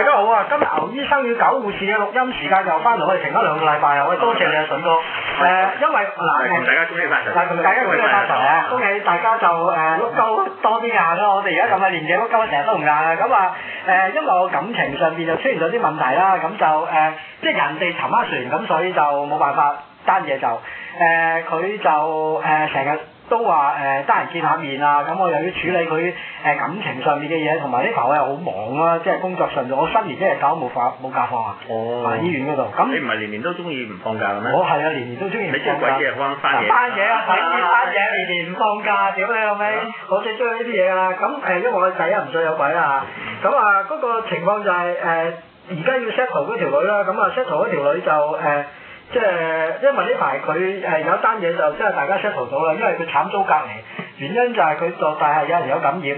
大家好啊！今日牛醫生與狗護士嘅錄音時間就翻嚟，我哋停咗兩個禮拜，啊，我哋多謝你啊，筍哥。誒，因為嗱，祝大家中秋快樂！大家中秋快樂啊！恭喜大家就誒，碌鳩、嗯嗯、多啲硬啦！我哋而家咁嘅年紀碌鳩成日都唔硬啊。咁啊誒，因為我感情上邊就出現咗啲問題啦，咁就誒，即係人哋沉啊船，咁所以就冇辦法單嘢就誒，佢就誒成日。都話誒得閒見下面啊，咁我又要處理佢誒感情上面嘅嘢，同埋呢排我又好忙啦，即係工作上。我新年即係搞冇法，冇辦法啊！哦，醫院嗰度。你唔係年年都中意唔放假嘅咩？我係啊，年年都中意。你做鬼嘢放翻夜？翻夜啊！係翻夜，年年唔放假，屌你老味！我最中意呢啲嘢啦。咁誒，因為我仔啊唔再有鬼啦，咁啊嗰個情況就係誒，而家要 settle 嗰條女啦，咁啊 settle 嗰條女就誒。即係、就是，因為呢排佢係有單嘢就即係大家 search 到啦，因為佢慘遭隔離，原因就係佢就大係有人有感染，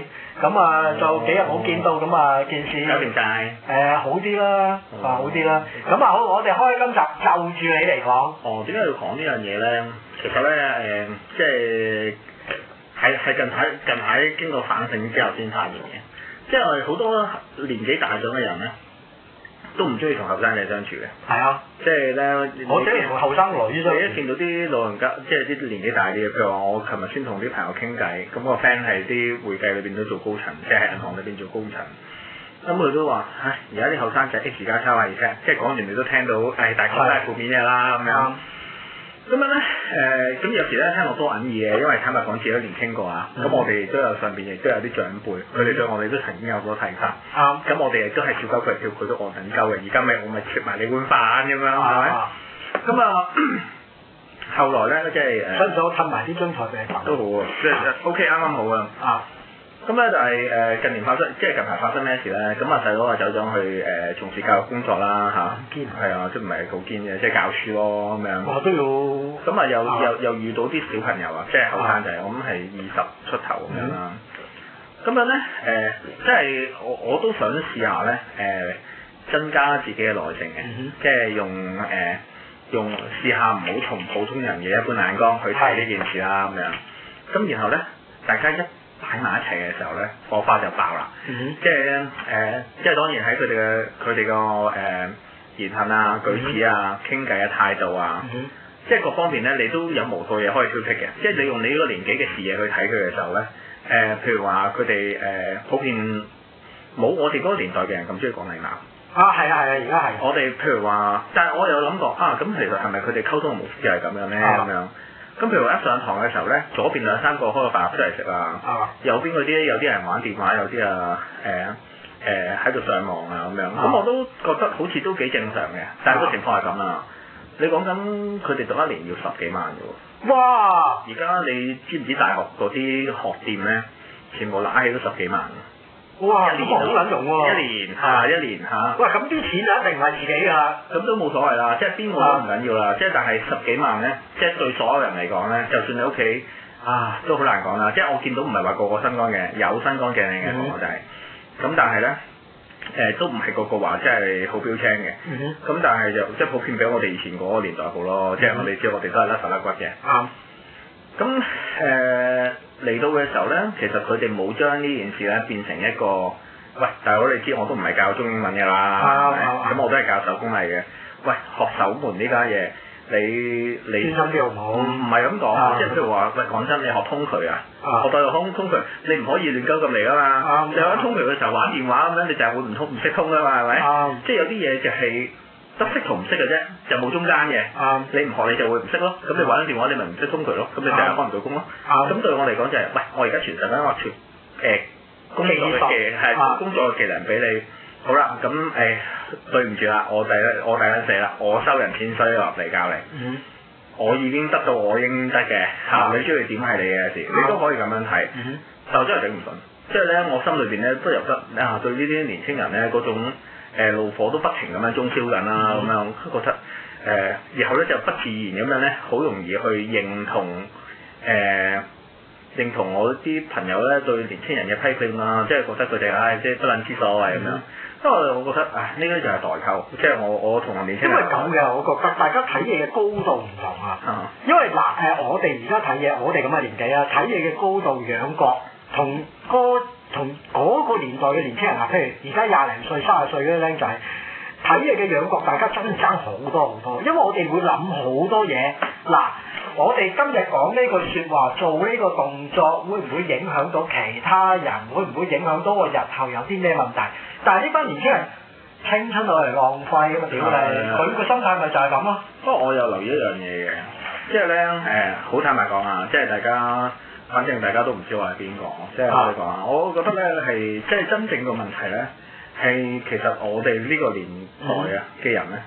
咁啊就幾日冇見到，咁啊件事，有變晒，誒、呃，好啲啦，啊、嗯、好啲啦。咁啊好，我哋開今集就住你嚟講。哦，點解要講呢樣嘢咧？其實咧，誒、呃，即係係係近排近喺近排經過反省之後先發現嘅，即係好多年紀大咗嘅人咧。都唔中意同後生仔相處嘅，係啊，即係是咧，我即係後生女，所以一見到啲老人家，即係啲年紀大啲嘅，譬如話我琴日先同啲朋友傾偈，咁個 friend 係啲會計裏邊都做高層，即係喺銀行裏邊做高層，咁佢都話，唉，而家啲後生仔 X 加三啊二 p e 即係講完你都聽到，唉、哎，大家都係負面嘅啦咁樣。嗯嗯咁樣咧，誒，咁有時咧聽落多銀耳嘅，因為坦白講，自己都年輕過啊，咁我哋都有上便亦都有啲長輩，佢哋對我哋都曾經有好多睇法啊，咁我哋亦都係照夠佢笑，佢都戇鳩鳩嘅，而家咪我咪切埋你碗飯咁樣，係咪？咁啊，後來咧即係誒，分手氹埋啲張台俾你，都好啊，即係 OK，啱啱好啊。咁咧就係誒近年發生，即係近排發生咩事咧？咁啊細佬啊走咗去誒從事教育工作啦嚇，堅係啊，即唔係好堅嘅，即係教書咯咁樣。我都要。咁啊又又又遇到啲小朋友啊，即係後生仔咁係二十出頭咁樣啦。咁、嗯、樣咧誒，即、呃、係、就是、我我都想試下咧誒，增加自己嘅耐性嘅，嗯、哼即係用誒、呃、用試下唔好同普通人嘅一般眼光去睇呢件事啦咁樣。咁、嗯嗯、然後咧，大家一。喺埋一齊嘅時候咧，火花就爆啦、mm hmm. 呃。即係咧，誒，即係當然喺佢哋嘅佢哋個誒言行啊、舉止啊、傾偈嘅態度啊，mm hmm. 即係各方面咧，你都有無數嘢可以挑剔嘅。Mm hmm. 即係你用你呢個年紀嘅視野去睇佢嘅時候咧，誒、呃，譬如話佢哋誒普遍冇我哋嗰個年代嘅人咁中意講禮貌。啊，係啊，係啊，而家係。我哋譬如話，但係我有諗過啊，咁其實係咪佢哋溝通嘅模式就係咁樣咧？咁樣。咁譬如一上堂嘅時候咧，左邊兩三個開個飯盒出嚟食啊，啊右邊嗰啲有啲人玩電話，有啲啊誒誒喺度上網啊咁樣，咁、啊、我都覺得好似都幾正常嘅，但係個情況係咁啦。你講緊佢哋讀一年要十幾萬嘅喎。哇！而家你知唔知大學嗰啲學店咧，全部拉起都十幾萬。哇，呢個好撚用喎，一年嚇，一年嚇。哇，咁啲錢就一定唔係自己㗎啦。咁都冇所謂啦，即係邊個都唔緊要啦。即係但係十幾萬咧，即係對所有人嚟講咧，就算你屋企啊，都好難講啦。即係我見到唔係話個個身光嘅，有身光頸靚嘅，我就係。咁但係咧，誒都唔係個個話即係好標青嘅。咁但係就即係普遍比我哋以前嗰個年代好咯。即係我哋知我哋都係甩頭甩骨嘅。啱。咁誒。嚟到嘅時候呢，其實佢哋冇將呢件事咧變成一個，喂！大佬，你知我都唔係教中英文嘅啦，咁我都係教手工藝嘅。喂，學手門呢家嘢，你你唔唔係咁講，即係譬如話，喂，講、嗯、真，嗯、你學通渠啊，嗯、學到通通渠，你唔可以亂鳩咁嚟噶嘛。你、嗯、一通渠嘅時候玩電話咁樣，你就會唔通唔識通噶嘛，係咪？即係有啲嘢就係。嗯嗯嗯嗯得識同唔識嘅啫，就冇中間嘅。Um, 你唔學你就會唔識咯。咁你玩電話你咪唔識通佢咯。咁你成日開唔到工咯。咁、um, 對我嚟講就係、是，喂，我而家傳曬啦，我傳誒工作嘅，係巧、啊、工作嘅技能俾你。好啦，咁誒、呃、對唔住啦，我第我第陣死啦，我收人錢衰落嚟教你。Mm hmm. 我已經得到我應得嘅嚇，uh huh. 你中意點係你嘅事，你都可以咁樣睇。就、mm hmm. 真係頂唔順。即係咧，我心裏邊咧不由得啊，對呢啲年青人咧嗰種、呃、怒火都不停咁樣中燒緊啦。咁樣覺得誒，然、呃、後咧就不自然咁樣咧，好容易去認同誒、呃、認同我啲朋友咧對年青人嘅批評啦，即係覺得佢哋唉即係不知所謂咁、嗯、樣，不過我覺得啊，呢、哎、啲就係代溝，即係我我同年青因為咁嘅，我覺得大家睇嘢嘅高度唔同啊，嗯、因為嗱誒，我哋而家睇嘢，我哋咁嘅年紀啦，睇嘢嘅高度仰角。同嗰同嗰個年代嘅年輕人啊，譬如而家廿零歲、卅歲嗰啲僆仔，睇力嘅養覺，大家爭爭好多好多，因為我哋會諗好多嘢。嗱，我哋今日講呢句説話，做呢個動作，會唔會影響到其他人？會唔會影響到我日後有啲咩問題？但係呢班年輕人青春落嚟浪費㗎嘛，屌你、啊，佢個心態咪就係咁咯。啊、不過我又留意一樣嘢嘅，即係咧誒，好、啊、坦白講啊，即、就、係、是、大家。反正大家都唔知我係邊個，即係我講。我覺得咧係，即係真正個問題咧係其實我哋呢個年代啊嘅人咧，嗯、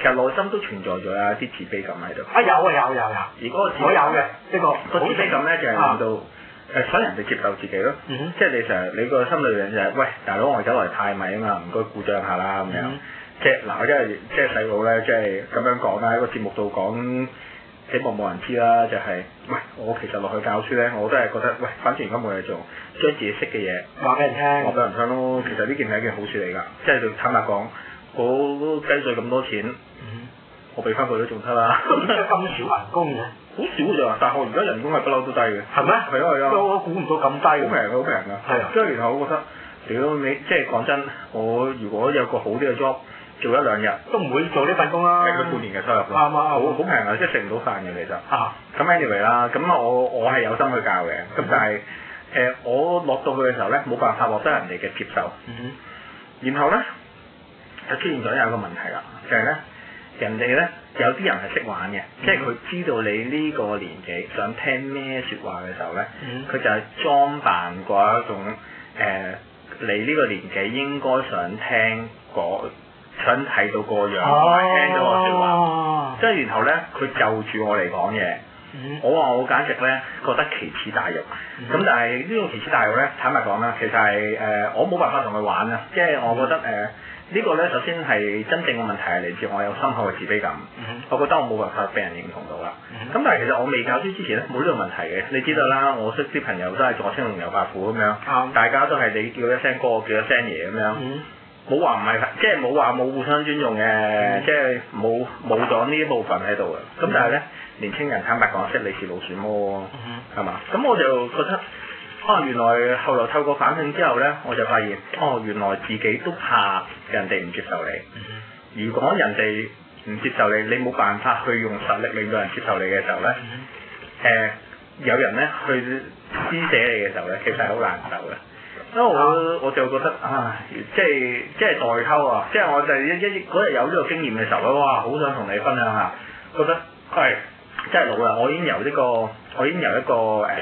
其實內心都存在咗有一啲自卑感喺度。啊有啊有有有。有有有而嗰、那個自卑，我有嘅呢、這個自卑感咧就係令到誒想、啊、人哋接受自己咯。即係你成日你個心裏邊就係喂，大佬我走嚟太米啊嘛，唔該鼓掌下啦咁樣。即係嗱我即係即係細佬咧，即係咁樣講啦喺個節目度講。希望冇人知啦，就係唔係？我其實落去教書咧，我都係覺得，喂，反正而家冇嘢做，將自己識嘅嘢話俾人聽，話俾人聽咯。其實呢件係一件好事嚟㗎。即係就坦白講，我雞碎咁多錢，嗯，我俾翻佢都仲得啦。咁少 人工嘅，好少咋？大學而家人工係不嬲都低嘅。係咩嗎？係啊係啊。我估唔到咁低。好平，好平㗎。係啊。即係原來我覺得，屌你，即係講真，我如果有個好啲嘅 job。做一兩日都唔會做呢份工啦，啊，一佢、嗯、半年嘅收入咯，啱啱好好平啊，即係食唔到飯嘅其實。啊，咁 anyway 啦，咁我我係有心去教嘅，咁、嗯、哼但係誒、呃、我落到去嘅時候咧，冇辦法獲得人哋嘅接受。嗯、哼然後咧就出現咗一個問題啦，就係、是、咧人哋咧有啲人係識玩嘅，嗯、哼即係佢知道你呢個年紀想聽咩説話嘅時候咧，佢、嗯、哼就係裝扮過一種誒、呃、你呢個年紀應該想聽想睇到個樣，同埋聽到我説話，即係然後咧，佢就住我嚟講嘢。我話我簡直咧覺得奇恥大辱。咁但係呢個奇恥大辱咧，坦白講啦，其實係誒我冇辦法同佢玩啊。即係我覺得誒呢個咧，首先係真正嘅問題係嚟自我有深厚嘅自卑感。我覺得我冇辦法被人認同到啦。咁但係其實我未教書之前咧，冇呢個問題嘅。你知道啦，我識啲朋友都係左青龍右白虎咁樣，大家都係你叫一聲哥，叫一聲爺咁樣。冇話唔係，即係冇話冇互相尊重嘅，嗯、即係冇冇咗呢一部分喺度嘅。咁、嗯、但係咧，年輕人坦白講，識、嗯、你是老鼠咩、哦，係嘛、嗯？咁我就覺得，哦，原來後來透過反省之後咧，我就發現，哦，原來自己都怕人哋唔接受你。嗯、如果人哋唔接受你，你冇辦法去用實力令到人接受你嘅時候咧，誒、嗯嗯呃，有人咧去施捨你嘅時候咧，其實係好難受嘅。因為我我就覺得啊，即係即係代溝啊！即係我就一一嗰日有呢個經驗嘅時候咧，哇！好想同你分享、啊、下，覺得係真係老啦、呢個，我已經由一個我已經由一個誒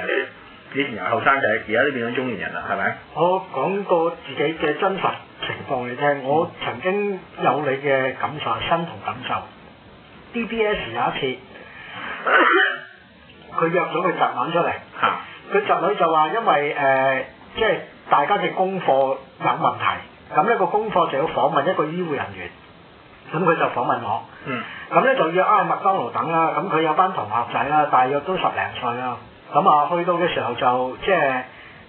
以前由後生仔，而家都變咗中年人啦，係咪？我講個自己嘅真實情況你聽，我曾經有你嘅感受、身同感受。DBS 有一次，佢 約咗佢侄女出嚟，佢侄女就話因為誒、呃、即係。大家嘅功課有問題，咁一個功課就要訪問一個醫護人員，咁佢就訪問我。咁咧、嗯、就要喺麥當勞等啦，咁佢有班同學仔啦，大約都十零歲啦。咁啊去到嘅時候就即係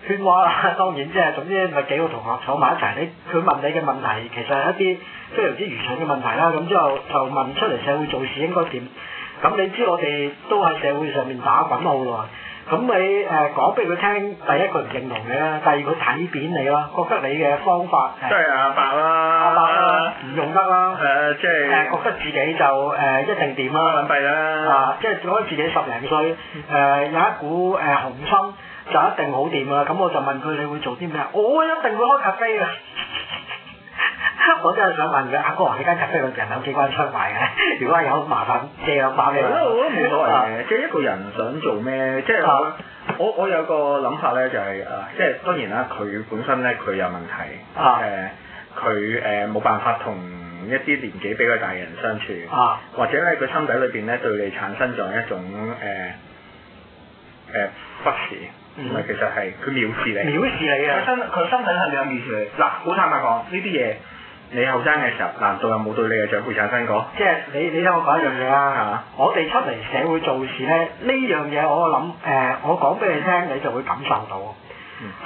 喧譁啦，當然即係總之咪幾個同學坐埋一齊，你佢問你嘅問題其實係一啲非常之愚蠢嘅問題啦。咁之後就問出嚟社會做事應該點？咁你知我哋都喺社會上面打滾好耐。咁你誒講俾佢聽，第一佢唔認同你啦，第二佢睇扁你啦，覺得你嘅方法即係阿伯啦，阿伯啦，唔用得啦。誒、啊，即係誒覺得自己就誒、嗯啊、一定掂啦，諗計啦。啊，即係覺得自己十零歲誒有一股誒雄心，就一定好掂啦。咁、啊嗯、我就問佢，你會做啲咩？我一定會開咖啡嘅。我真係想問嘅，阿哥話你間咖啡館人有機關槍賣嘅，如果係有，麻煩借兩把嚟啦。咁、嗯、麼冇所謂嘅，即係一個人想做咩？即係我我有個諗法咧、就是，就係啊，即係當然啦，佢本身咧佢有問題，誒佢誒冇辦法同一啲年紀比較大嘅人相處，啊、或者咧佢心底裏邊咧對你產生咗一種誒誒、呃呃、忽視，同埋、嗯、其實係佢藐視你。藐視你啊！佢身佢心底係有藐視你。嗱，好坦白講，呢啲嘢。你後生嘅時候，難道有冇對你嘅長輩產生過？即係你，你聽我講一樣嘢啦吓，嗯、我哋出嚟社會做事咧，呢樣嘢我諗誒、呃，我講俾你聽，你就會感受到。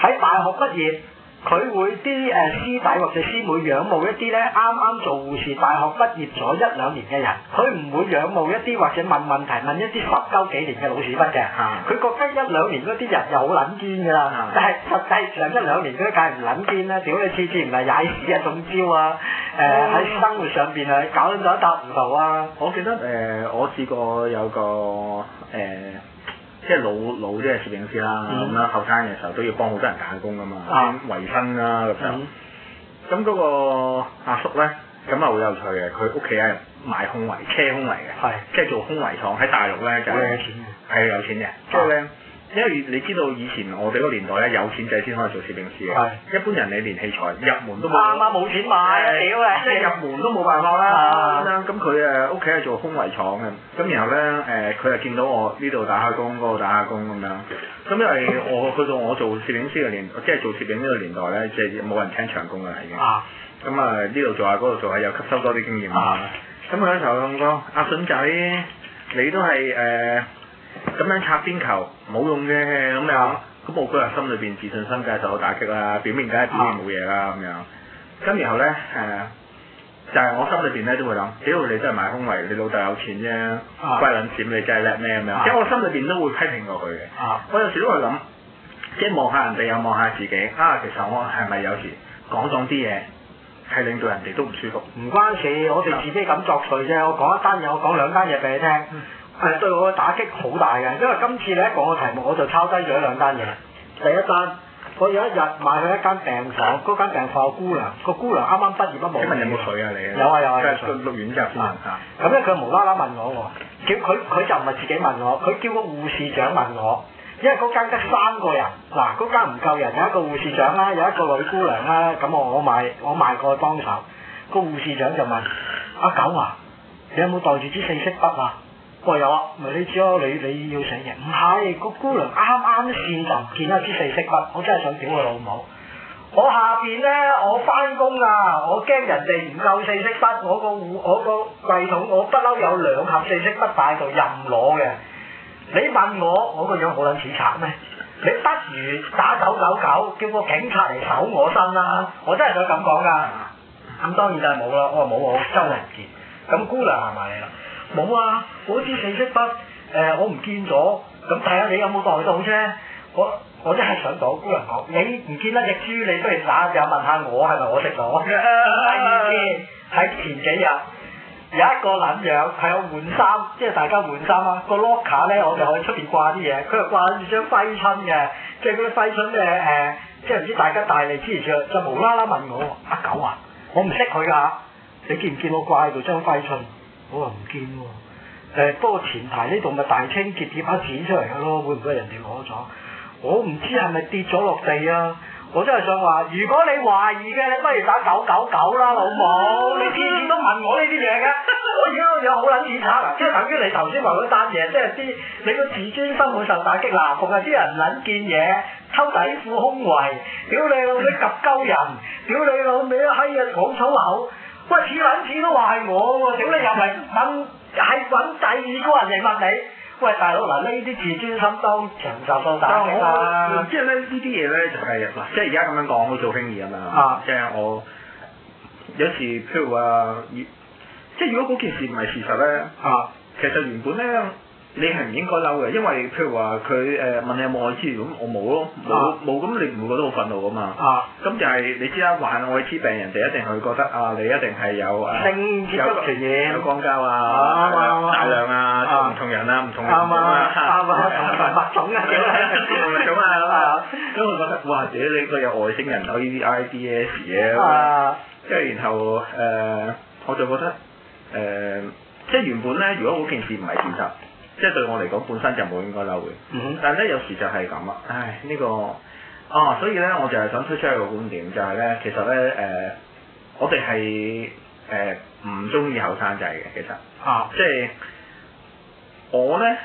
喺大學畢業。佢會啲誒、呃、師弟或者師妹仰慕一啲咧，啱啱做護士大學畢業咗一兩年嘅人，佢唔會仰慕一啲或者問問題問一啲十鳩幾年嘅老鼠筆嘅。佢、嗯、覺得一兩年嗰啲人又好撚堅㗎啦，嗯、但係實際上一兩年都梗係唔撚堅啦，屌你次次唔係踩屎啊，中招啊，誒、呃、喺、嗯、生活上邊啊搞咗一塌唔到啊！我記得誒、呃，我試過有個誒。呃即係老老即係攝影師啦，咁啦後生嘅時候都要幫好多人打工㗎嘛，嗯、維生啦咁就。咁嗰、嗯、個阿叔咧，咁啊好有趣嘅，佢屋企係賣空圍車空圍嘅，即係是做空圍廠喺大陸咧就係、是、有錢嘅，有錢嘅，即係咧。因為你知道以前我哋嗰年代咧，有錢仔先可以做攝影師嘅，一般人你連器材入門都冇。阿媽冇錢買，屌你！即係入門都冇辦法啦。咁樣咁佢誒屋企係做空圍廠嘅，咁然後咧誒佢又見到我呢度打下工，嗰度打下工咁樣。咁因為我去到我做攝影師嘅年，即係做攝影呢個年代咧，即係冇人請長工㗎啦已經。咁啊呢度做下，嗰度做下，又吸收多啲經驗啦。咁佢咁講阿筍仔，你都係誒？呃咁樣擦邊球冇用嘅，咁又咁我辜人心裏邊自信心梗係受到打擊啦，表面梗係表面冇嘢啦咁樣。咁然後咧，係、啊、就係、是、我心裏邊咧都會諗，只要你真係買兇嚟，你老豆有錢啫、啊，啊、乖撚閃你真係叻咩？咁樣。咁、啊啊、我心裏邊都會批評過佢嘅。啊，我有時都會諗，即係望下人哋又望下自己啊，其實我係咪有時講咗啲嘢係令到人哋都唔舒服？唔關事，我哋自卑感作祟啫。我講一單嘢，我講兩單嘢俾你聽。嗯係對我嘅打擊好大嘅，因為今次你一講個題目，我就抄低咗兩單嘢。第一單，我有一日賣去一間病房，嗰間病房有姑娘，個姑娘啱啱畢業都冇，請問你有冇水啊？你有啊有啊，即係錄錄完就。咁咧、啊，佢、啊啊嗯啊、無啦啦問我喎，叫佢佢就唔係自己問我，佢叫個護士長問我，因為嗰間得三個人，嗱、啊、嗰間唔夠人，有一個護士長啦，有一個女姑娘啦，咁我買我賣我賣過去幫手，個護士長就問阿九啊，啊，你有冇袋住支四色筆啊？喂，有啊，唔係你知咯，你你要上夜，唔係個姑娘啱啱先就見一支四色筆，我真係想屌佢老母！我下邊咧，我翻工啊，我驚人哋唔夠四色筆，我個戶我個櫃桶我不嬲有兩盒四色筆擺度任攞嘅。你問我，我個樣好撚似賊咩？你不如打九九九，叫個警察嚟搜我身啦！我真係想咁講噶，咁當然就係冇啦。我話冇我周圍見，咁姑娘係咪嚟啦？冇啊！嗰支四色筆，誒、呃、我唔見咗。咁睇下你有冇袋到啫？我我真係上咗，姑娘我，你唔見得隻豬你不如打，又問下我係咪我識咗？第二次喺前幾日有一個撚樣，係我換衫，即係大家換衫啊。個 locker 咧，我就可以出邊掛啲嘢，佢又掛住張揮春嘅，即係嗰啲揮春嘅誒，即係唔知大家大力支持即係無啦啦問我阿、啊、狗啊，我唔識佢噶，你見唔見我掛喺度張揮春？」我話唔見喎、欸，不過前排呢度咪大清潔跌把錢出嚟嘅咯，會唔會人哋攞咗？我唔知係咪跌咗落地啊！我真係想話，如果你懷疑嘅，你不如打九九九啦，老母。你次次都問我呢啲嘢嘅，我而家有好撚癲啊！即係等於你頭先話嗰單嘢，即係啲你個自尊心好受打擊嗱，逢係啲人撚見嘢，偷底褲胸圍，屌你老味及鳩人，屌你老味尾閪啊，講粗口！說話說話。喂，似揾似都話係我喎，屌你又係揾係揾第二個人嚟問你。 喂，大佬嗱，呢啲自尊心都承受到打擊啦。即係咧呢啲嘢咧就係、是、嗱，即係而家咁樣講，好做阿興兒咁樣。啊，即係我有時譬如，如啊，即係如果嗰件事唔係事實咧，嚇，其實原本咧。你係唔應該嬲嘅，因為譬如話佢誒問你有冇愛滋，如咁我冇咯，冇冇咁你唔會覺得好憤怒㗎嘛。啊，咁就係你知啦，患愛滋病人哋一定係會覺得啊，你一定係有有奇嘢，有光膠啊、質量啊、唔同人啊、唔同咁啊，啱啊，唔係物種嘅咁啊，咁啊，因為覺得或者你個有外星人口呢啲 IDS 嘅，啊，即係然後誒，我就覺得誒，即係原本咧，如果嗰件事唔係事實。即係對我嚟講本身就冇應該嬲嘅，但係咧有時就係咁啦！唉，呢個啊，所以咧我就係想推出一個觀點，就係咧其實咧誒，我哋係誒唔中意後生仔嘅，其實啊，即係我咧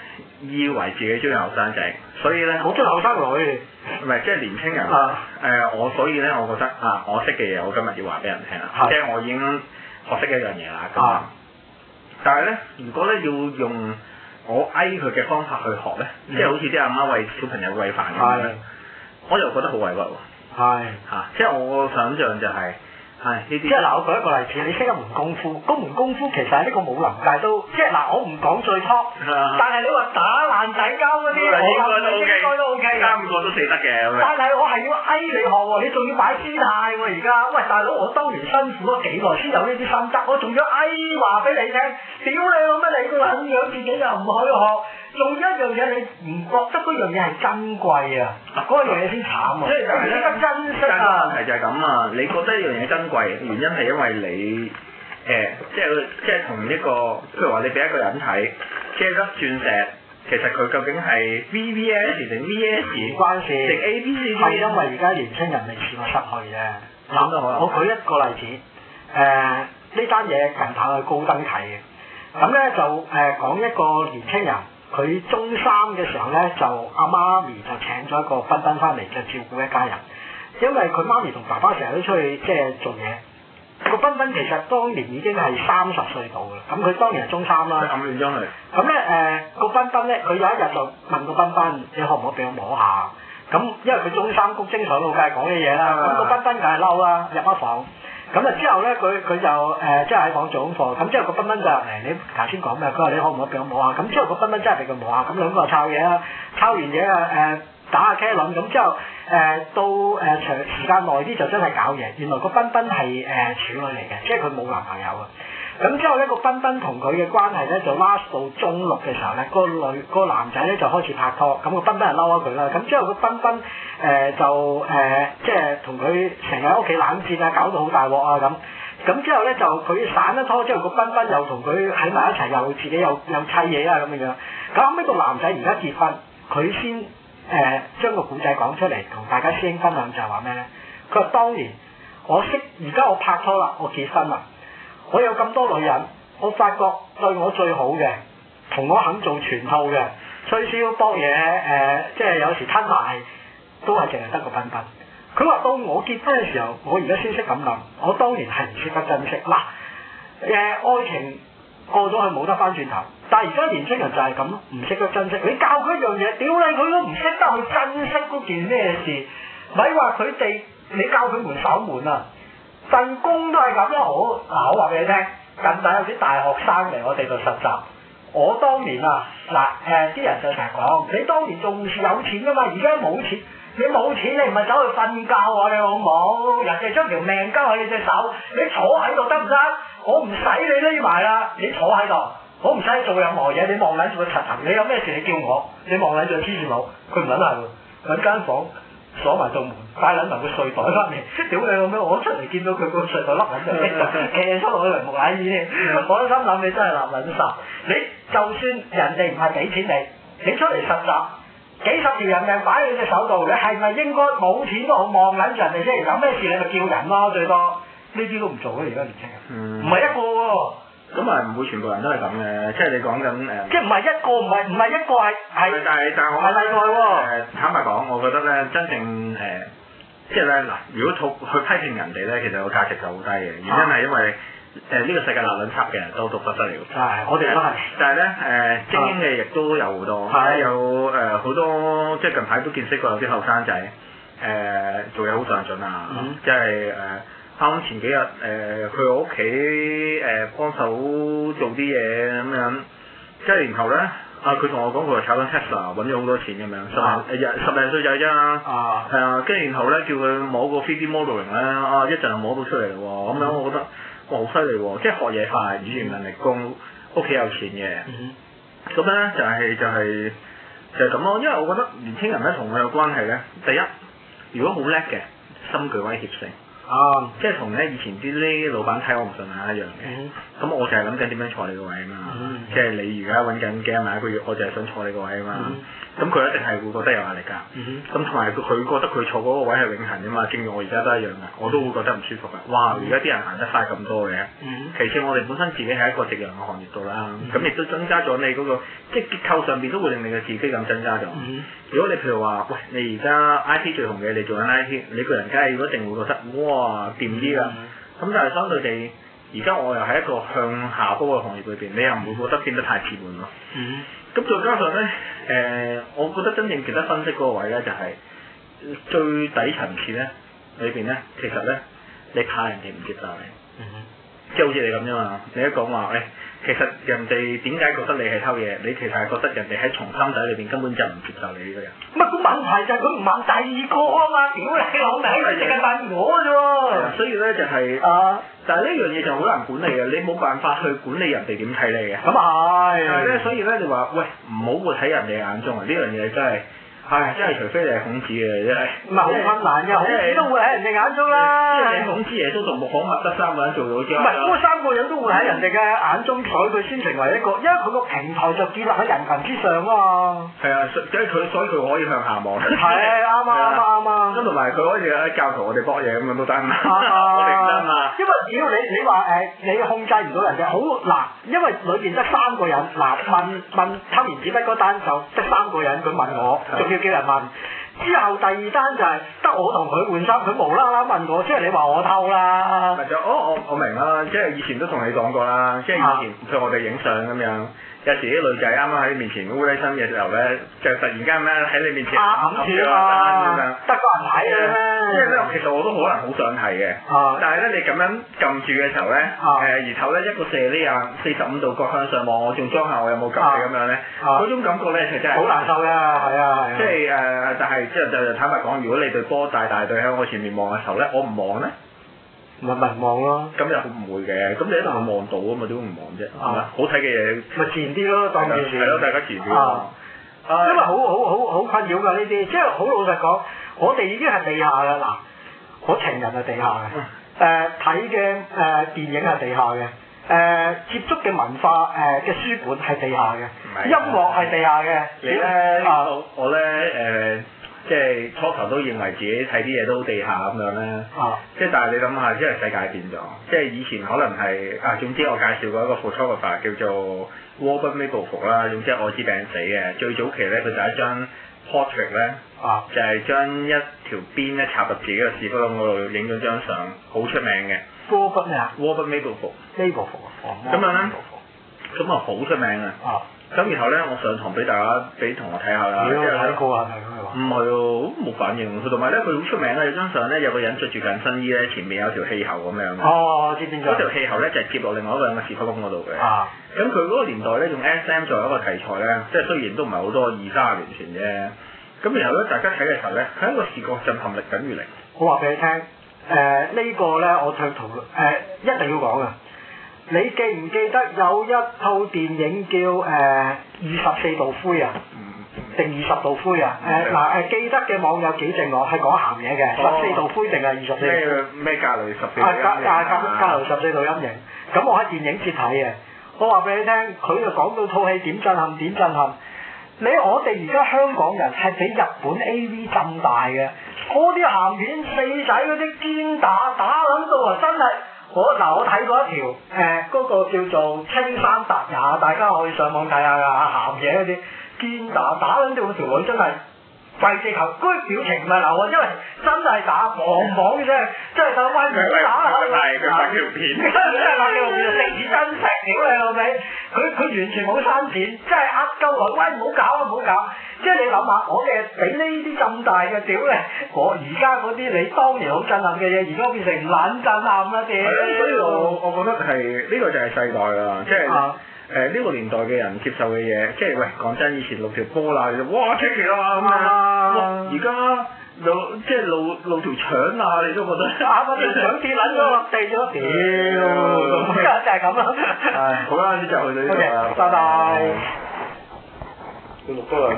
以為自己中意後生仔，所以咧我中意後生女，唔係即係年輕人啊誒，我所以咧我覺得啊，我識嘅嘢我今日要話俾人聽，即係我已經學識一樣嘢啦。啊，但係咧如果咧要用我挨佢嘅方法去學咧，即係好似啲阿媽餵小朋友餵飯咁樣，是我就覺得好委屈喎。係是，嚇、啊，即係我想象就係、是。係，呢啲。即係是嗱，啊、我舉一個例子，你識一門功夫，功門功夫其實喺呢個武林界都，即係嗱，我唔講最 top、啊、但係你話打爛仔交嗰啲，嗯、我覺得應該都 OK，三個都死得嘅、嗯、但係我係要哎你學喎，你仲要擺姿態喎，而家，喂，大佬，我當年辛苦咗幾耐先有呢啲心得，我仲要哎話俾你聽，屌你老乜？你㗎，你個樣自己又唔去學。用一樣嘢，你唔覺得嗰樣嘢係珍貴啊？嗱，嗰樣嘢先慘啊！即係覺得珍惜啊！問題就係咁啊！你覺得一樣嘢珍貴，原因係因為你誒，即係即係同一個，譬如話你俾一個人睇，即係粒鑽石，其實佢究竟係 VVS 定 VS 唔關事，定 A B、係因為而家年輕人未試過失去啫，慘到我。我舉一個例子，誒呢單嘢近排去高登睇嘅，咁咧就誒講、呃、一個年輕人。佢中三嘅時候呢，就阿媽咪就請咗一個賓賓翻嚟，就照顧一家人。因為佢媽咪同爸爸成日都出去，即係做嘢。個賓賓其實當年已經係三十歲到㗎啦。咁佢當年係中三啦。咁點樣嚟？咁呢誒，個賓賓呢，佢有一日就問個賓賓：你可唔可以俾我摸下？咁因為佢中三谷精彩，梗係講嘅嘢啦。嗯嗯、個賓賓梗係嬲啦，入間房。咁啊，之後咧，佢佢就誒即係喺房做緊課。咁之後個斌斌就誒，你頭先講咩？佢話你可唔可以俾我摸下？咁之後個斌斌真係俾佢摸下，咁兩個人就抄嘢啦，抄完嘢，啊，誒打下茄輪，咁之後誒到誒長時間耐啲就真係搞嘢。原來個斌斌係誒處女嚟嘅，即係佢冇男朋友啊。咁之後咧，個斌斌同佢嘅關係咧就 last 到中六嘅時候咧，個女，個男仔咧就開始拍拖，咁個斌斌就嬲咗佢啦。咁之後個斌斌。誒、呃、就誒、呃，即係同佢成日喺屋企冷戰啊，搞到好大鑊啊咁。咁之後呢，就佢散咗拖之後，個斌斌又同佢喺埋一齊，又自己又又砌嘢啊咁樣樣。咁後尾個男仔而家結婚，佢先誒、呃、將個古仔講出嚟，同大家師兄分享就係話咩咧？佢話當年我識，而家我拍拖啦，我結婚啦，我有咁多女人，我發覺對我最好嘅，同我肯做全套嘅，所以先要搏嘢誒，即係有時吞埋。都係淨係得個斌斌。佢話到我結婚嘅時候，我而家先識咁諗。我當年係唔識得珍惜嗱。誒、呃，愛情過咗去冇得翻轉頭。但係而家年輕人就係咁，唔識得珍惜。你教佢一樣嘢，屌你佢都唔識得去珍惜嗰件咩事。咪係話佢哋，你教佢們守門，門啊，份工都係咁啦好。嗱，我話俾、啊、你聽，近排有啲大學生嚟我哋度實習。我當年啊，嗱誒，啲、呃、人就成日講：你當年仲是有錢㗎嘛，而家冇錢。你冇錢，你唔係走去瞓覺啊！你好唔好？人哋將條命交喺你隻手，你坐喺度得唔得？我唔使你匿埋啦，你坐喺度，我唔使你做任何嘢，你望緊做個閘閘。你有咩事你叫我，你望緊做黐線佬，佢唔肯下喎，揾間房鎖埋道門，帶撚埋個睡袋翻嚟，屌你老咩？我出嚟見到佢個睡袋笠緊出其掟出去嚟木乃伊添，我都心諗你真係男撚殺。你就算人哋唔係俾錢你，你出嚟實習。幾十條人命擺喺你隻手度，你係咪應該冇錢都好望緊人哋先？有咩事你咪叫人咯、啊，最多呢啲都唔做啦。而家年輕人，唔係、嗯、一個喎。咁啊，唔會全部人都係咁嘅，即係你講緊誒。即係唔係一個，唔係唔係一個係係。但係是但係我係例外喎。坦白講，我覺得咧，真正誒，即係咧嗱，如果討去批評人哋咧，其實個價值就好低嘅，原因係因為。誒呢個世界難兩測嘅，人都讀得犀利。係、啊，我哋都係。但係咧，誒精英嘅亦都有好多。係啊，有誒好、呃、多，即係近排都見識過有啲後生仔，誒、呃、做嘢好上進啊，嗯、即係誒啱前幾日誒去、呃、我屋企誒幫手做啲嘢咁樣。跟住然後咧，啊佢同我講佢又炒緊 Tesla，揾咗好多錢咁樣，十零誒歲仔啫嘛，係啊，跟住、啊啊、然後咧叫佢摸個 3D modelling 咧、啊，啊一陣就摸到出嚟喎，咁樣，樣，、嗯、樣我覺得。我好犀利喎，即係學嘢快，啊、語言能力高，屋企有錢嘅，咁咧、嗯、哼就係、是、就係、是、就係咁咯。因為我覺得年輕人咧同佢有關係咧，第一如果好叻嘅，心具威脅性。啊，即係同咧以前啲呢老闆睇我唔順眼一樣嘅，咁我就係諗緊點樣坐你個位啊嘛，即係你而家揾緊幾萬一個月，我就係想坐你個位啊嘛，咁佢一定係會覺得有壓力㗎，咁同埋佢覺得佢坐嗰個位係永恆㗎嘛，正如我而家都一樣嘅，我都會覺得唔舒服嘅。哇！而家啲人行得快咁多嘅，其次我哋本身自己係一個夕陽嘅行業度啦，咁亦都增加咗你嗰個，即係結構上面都會令你嘅自卑感增加咗。如果你譬如話，喂，你而家 I T 最紅嘅，你做緊 I T，你個人梗係，如果一定會覺得，我。哇，掂啲㗎，咁、嗯、但係相對地，而家我又喺一個向下坡嘅行業裏邊，你又唔會覺得變得太悶咯。嗯。咁再加上呢，誒、呃，我覺得真正值得分析嗰個位呢、就是，就係最底層次呢裏邊呢。其實呢，你怕人哋唔接受你。嗯。就好似你咁啫嘛，你一講話，誒、哎，其實人哋點解覺得你係偷嘢？你其實係覺得人哋喺從心底裏邊根本就唔接受你呢個人。乜？問題就係佢唔問第二個啊嘛，屌你老味，佢淨係問我啫喎。所以咧就係、是、 啊，但係呢樣嘢就好難管理嘅，你冇辦法去管理人哋點睇你嘅。咁係、啊。哎、但咧，所以咧，你話，喂，唔好活喺人哋眼中啊！呢樣嘢真係。係，即係 除非你係孔子嘅，真係。唔係好困難，因為孔子會、啊、 因都會喺人哋眼中啦。即係孔子、耶穌同木可物德三個人做到之唔係，嗰三個人都會喺人哋嘅眼中，所以佢先成為一個，因為佢個平台就建立喺人群之上啊嘛。係 啊，所以佢所以佢可以向下望。係，啱啊啱啊啱啊。咁同埋佢可以喺教堂我哋博嘢咁樣都得 啊嘛。啊嘛，啊啊啊 因為只要你你話誒，你控制唔到人哋，好難，因為裏邊得三個人嗱問問，偷賢只德嗰單就得三個人，佢問，問，問，問，問我 叫人問之後第二單就係得我同佢換衫，佢無啦啦問我，即係你話我偷啦。咪就哦，我我明啦，即係以前都同你講過啦，即係以前去我哋影相咁樣，有時啲女仔啱啱喺面前烏低身嘅時候咧，就突然間咩喺你面前啊，暗處啊，得個眼睇啫。即係咧，其實我都可能好想睇嘅。但係咧，你咁樣撳住嘅時候咧，啊！誒然後咧一個射呢，啊，四十五度角向上望，我仲裝下我有冇急嘅咁樣咧？啊！嗰種感覺咧，係真係好難受啦！係啊！即係誒，但係即係就坦白講，如果你對波大大對喺我前面望嘅時候咧，我唔望咧，咪咪望咯。咁又唔會嘅，咁你一定會望到啊嘛？點會唔望啫？啊！好睇嘅嘢咪自然啲咯，百變咯，大家記住。因為好好好好困擾㗎呢啲，即係好老實講，我哋已經係地下㗎啦。嗱，我情人係地下嘅，誒睇嘅誒電影係地下嘅，誒、呃、接觸嘅文化誒嘅、呃、書本係地下嘅，啊、音樂係地下嘅。你咧呢啊，呃、我咧誒。呃即係初頭都認為自己睇啲嘢都好地下咁樣咧，啊、即係但係你諗下，即係世界變咗，即係以前可能係啊，總之我介紹過一個 photographer 叫做 Robert Mapplethorpe 啦，總之愛滋病死嘅，最早期咧佢就係張 portrait 咧就係將一條鞭咧插入自己個屎忽嗰度影咗張相，好出名嘅。Robert 啊 Robert Mapplethorpe Mapplethorpe 啊。咁樣咧？咁啊好出名啊。啊。咁然後咧，我上堂俾大家，俾同學睇下啦。唔係喎，冇、啊、反應。佢同埋咧，佢好出名嘅。有張相咧，有個人着住緊身衣咧，前面有條氣球咁樣。哦，哦，哦，知邊張？嗰條氣球咧就係貼落另外一個人嘅屎窟窿嗰度嘅。啊！咁佢嗰個年代咧用 S M 做一個題材咧，即係雖然都唔係好多二三十年前啫。咁然後咧，大家睇嘅時候咧，係一個視覺震撼力等於零。好話俾你聽，誒、呃這個、呢個咧，我上堂誒一定要講啊！你記唔記得有一套電影叫誒二十四度灰啊？定二十度灰啊？誒嗱誒記得嘅網友幾正，我係講鹹嘢嘅，十四、哦、度灰定係二十四、啊？咩咩格雷十四？啊格格格雷十四度陰影，咁我喺電影節睇嘅。我話俾你聽，佢就講到套戲點震撼點震撼。你我哋而家香港人係比日本 A V 咁大嘅，嗰啲鹹片四仔嗰啲顛打打撚到啊真係～我嗱，我睇過一條誒，嗰、呃那個叫做青山達也，大家可以上網睇下啊，鹹嘢嗰啲，見打打緊呢條女真係。跪地球哥表情唔係流我因為真係打莽莽啫，即係打翻場打真係佢發條片，真係發條片，正史珍惜，屌你老味！佢佢完全冇刪片，真係呃鳩佢喂，唔好搞唔好搞！即係你諗下，我哋比呢啲咁大嘅屌你，我而家嗰啲你當年好震撼嘅嘢，而家變成冷震撼啦屌！所以我我覺得係呢個就係世代啦，係啊！誒呢、呃這個年代嘅人接受嘅嘢，即係喂講真，以前露條波啦，哇 take it 啦咁樣，啊，而家露即係露露條腸啊，你都覺得剛剛啊嗰啲腸跌撚咗落地，屌！即係就係咁啦。係，哎，好啦，你就去呢度啦，拜拜。見到波啦！